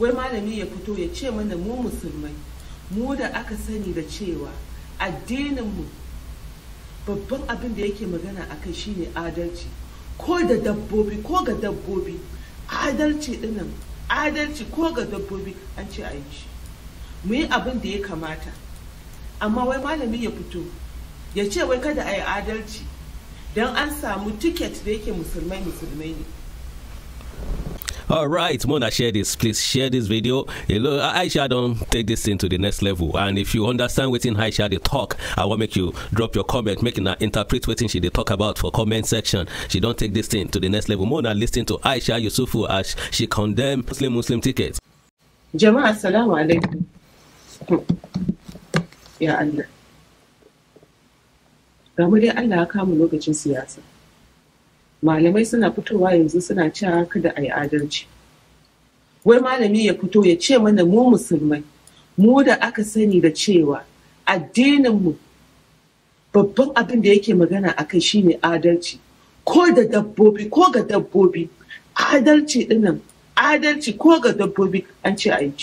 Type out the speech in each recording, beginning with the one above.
wai malami ya fito ya ce mana mu musulmai mu da aka sani da cewa addininmu babban abin da yake magana a kai shine adalci ko da dabbobi ko ga dabbobi adalci dinnan adalci ko ga dabbobi an ce a yi mu yi abin da ya kamata amma wai malami ya fito ya ce wai kada a yi adalci don an samu tiket da yake musulmai musulmai ne All right, Mona, share this. Please share this video. Hello, Aisha, don't take this thing to the next level. And if you understand what in Aisha they talk, I will make you drop your comment, making her interpret what she they talk about for comment section. She don't take this thing to the next level. Mona, listen to Aisha Yusufu as she condemn Muslim Muslim tickets. Jama'a, assalamu alaikum. Ya Allah. Allah malamai suna fitowa yanzu suna cewa kada a yi adalci wai malami ya fito ya ce mana mu musulmai mu da aka sani da cewa addininmu babban abin da yake magana a kai shine adalci ko da dabbobi ko ga dabbobi adalci dinnan adalci ko ga dabbobi an ce a yi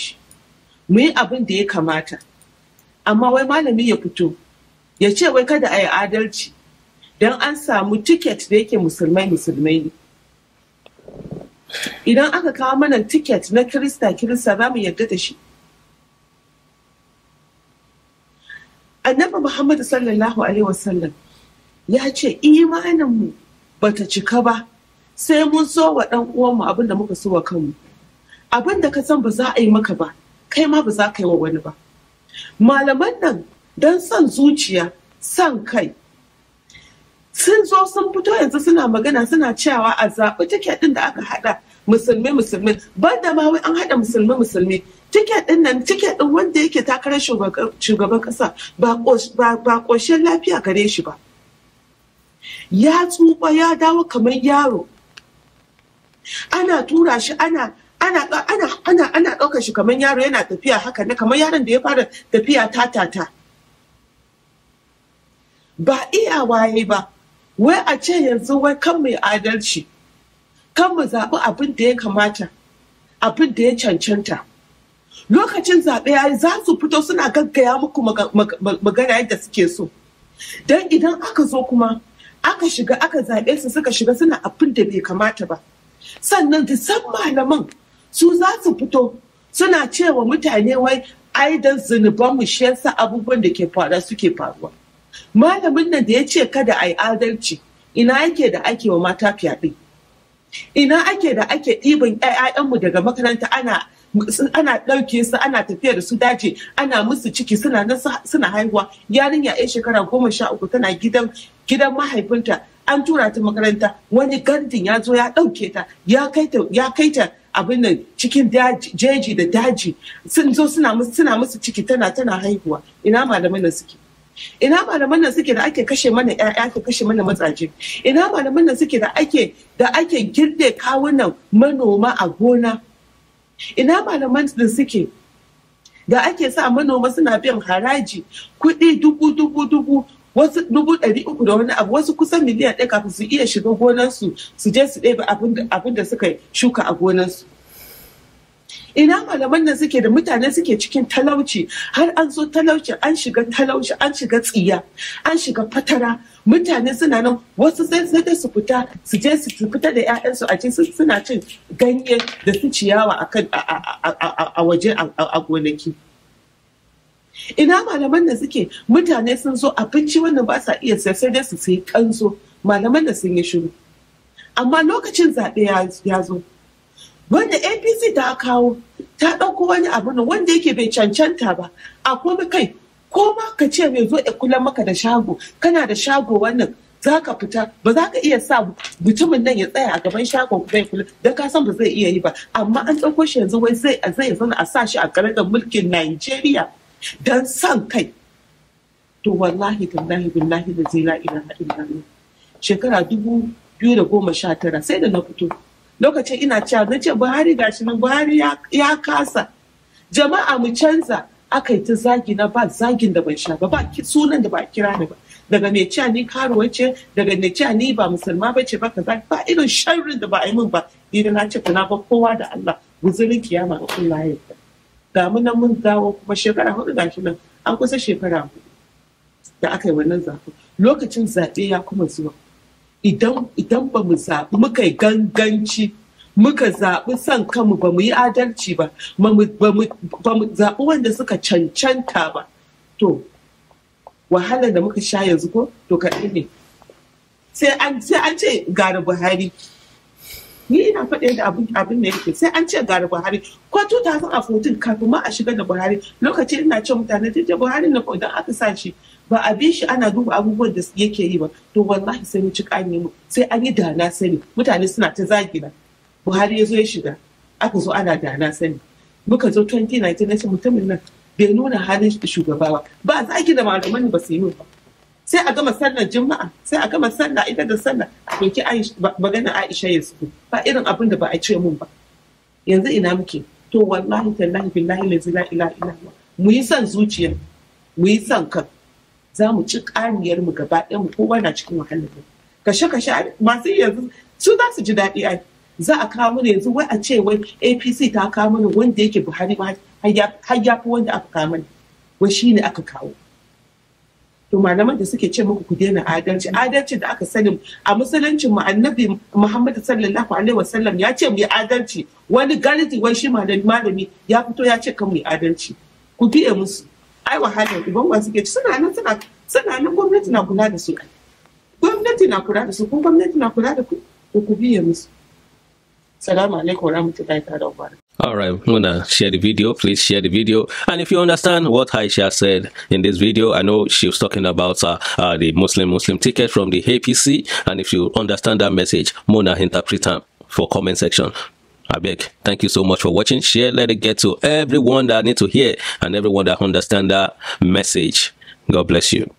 mu yi abin da ya kamata amma wai malami ya fito ya ce wai kada a yi adalci don an samu tiket da yake musulmai musulmai ne idan aka kawo mana tiket na kirista kirista za mu yarda da shi annabi muhammadu sallallahu alaihi wasallam ya ce imaninmu ba ta cika ba sai mun so wa ɗan uwanmu abin muka so wa kanmu abin da ka san ba za a yi maka ba kai ma ba za ka yi wa wani ba malaman nan don son zuciya son kai sun zo sun fito yanzu suna magana suna cewa a zaɓi tiket ɗin da aka haɗa musulmi musulmi ban da ma wai an haɗa musulmi musulmi tiket ɗin nan tiket ɗin wanda yake takarar shugaban ƙasa ba ƙoshin lafiya gare shi ba ya tsufa ya dawo kamar yaro ana tura shi ana ana ɗaukar shi kamar yaro yana tafiya haka ne kamar yaron da ya fara tafiya ta-ta-ta. ba iya waye ba wai a ce yanzu wai kan mai adalci kan mu zaɓi abin da ya kamata abin da ya cancanta lokacin zaɓe ya yi, za su fito suna gaggaya muku magana yadda suke so don idan aka zo kuma aka shiga aka zaɓe su suka shiga suna abin da bai kamata ba sannan da san malaman su za su fito suna cewa mutane wai aidan zunubanmu shi yasa abubuwan da ke faruwa suke faruwa malamin nan da ya ce kada a yi adalci ina yake da ake wa mata fyaɗe ina ake da ake ɗiban mu daga makaranta ana ana ɗauke su ana tafiya da su daji ana musu ciki suna suna haihuwa yarinya ya shekara goma sha uku tana gidan gidan mahaifinta an tura ta makaranta wani gardin ya zo ya ɗauke ta ya kai ta ya abin nan cikin jeji da daji sun zo suna musu ciki tana tana haihuwa ina malamai nan suke ina malaman nan suke da ake kashe mana ƴaƴa ke kashe mana matsaje ina malaman nan suke da ake da ake girde kawunan manoma a gona ina malaman da suke da ake sa manoma suna biyan haraji kuɗi dubu dubu dubu wasu dubu ɗari uku da wani abu wasu kusan miliyan ɗaya kafin su iya shiga gonarsu su je su ɗebe abin da suka shuka a gonarsu ina malaman nan suke da mutane suke cikin talauci har an zo talauci an shiga talauci an shiga tsiya an shiga fatara mutane suna nan wasu sai sai su fita su je su fita da 'ya'yansu a cikin suna cin ganye da su ciyawa a waje a gonaki ina malaman da suke mutane sun zo abinci wannan ba sa iya sai sai dai su sai kanzo malaman da sun yi shiru amma lokacin zaɓe ya zo wanda apc ta kawo ta ɗauko wani abu ne wanda yake bai cancanta ba a kuma kai ko ma ka ce mai zo ya kula maka da shago kana da shago wannan za ka fita ba za ka iya sa mutumin nan ya tsaya a gaban shago bai kula don ka san ba zai iya yi ba amma an ɗauko shi yanzu wai zai zai zana a sa shi a da mulkin Najeriya don san kai to wallahi tallahi billahi da zai a ilaha shekara dubu biyu da goma sha tara sai da na fito lokacin ina cewa na ce buhari shi nan buhari ya kasa jama'a mu canza aka yi ta zagi na ba zagin da ban sha ba ba sunan da ba kira ni ba daga mai cewa ni karuwa ce daga mai cewa ni ba musulma ba ce ba kaza ba irin sharrin da ba a yi min ba ni na ce na ba kowa da Allah guzurin kiyama a Allah ya ga mu nan mun dawo kuma shekara hudu shi nan an kusa shekara da aka yi wannan zafin lokacin zaɓe ya kuma zuwa idan ba mu zaɓi muka yi ganganci muka zaɓi son kanmu ba mu yi adalci ba ba mu zaɓi wanda suka cancanta ba to wahalar da muka sha yanzu ko to kaɗai ne sai an ce gara buhari ni ina faɗi da abin da yake sai an ce gara buhari 2014 kafin ma a shiga da buhari lokacin ina ce mutane ta buhari na idan aka sa shi ba a bi shi ana duba abubuwan da yake yi ba to wallahi sai mu ci kanye mu sai an yi dana sani mutane suna ta zagina buhari ya zo ya shiga aka zo ana dana sani muka zo 2019 na ce mutumin nan bai nuna halin shugaba ba ba zagi da malaman ba su yi ba sai a gama sallar juma'a sai a gama sallah ita da sannan a ɗauki magana aisha ya ba irin abin da ba a ce mun ba yanzu ina muke to wallahi tallahi billahi lazi zila ila ila mu yi son zuciya mu yi son kan za mu ci kariyar mu gaba ɗaya mu kowa na cikin wahalar kashe kashe masu yanzu su za su ji daɗi ai za a kawo mana yanzu wai a ce wai apc ta kawo mana wanda yake buhari har ya fi wanda aka kawo mana wai shine aka kawo to malaman da suke ce muku ku daina adalci adalci da aka sani a musuluncin mu annabi Muhammad sallallahu alaihi wasallam ya ce mu adalci wani galiti wai shi malami malami ya fito ya ce kan mu adalci ku biye musu ai wahala uban wa suke ci suna nan suna suna nan gwamnati na kula da su gwamnati na kula da su ko gwamnati na kula da ku ku biye musu salamu alaikum wa rahmatullahi ta'ala wa all right i'm gonna share the video please share the video and if you understand what aisha said in this video i know she was talking about uh, uh, the muslim muslim ticket from the apc and if you understand that message mona interpret for comment section I beg. Thank you so much for watching. Share, let it get to everyone that need to hear and everyone that understand that message. God bless you.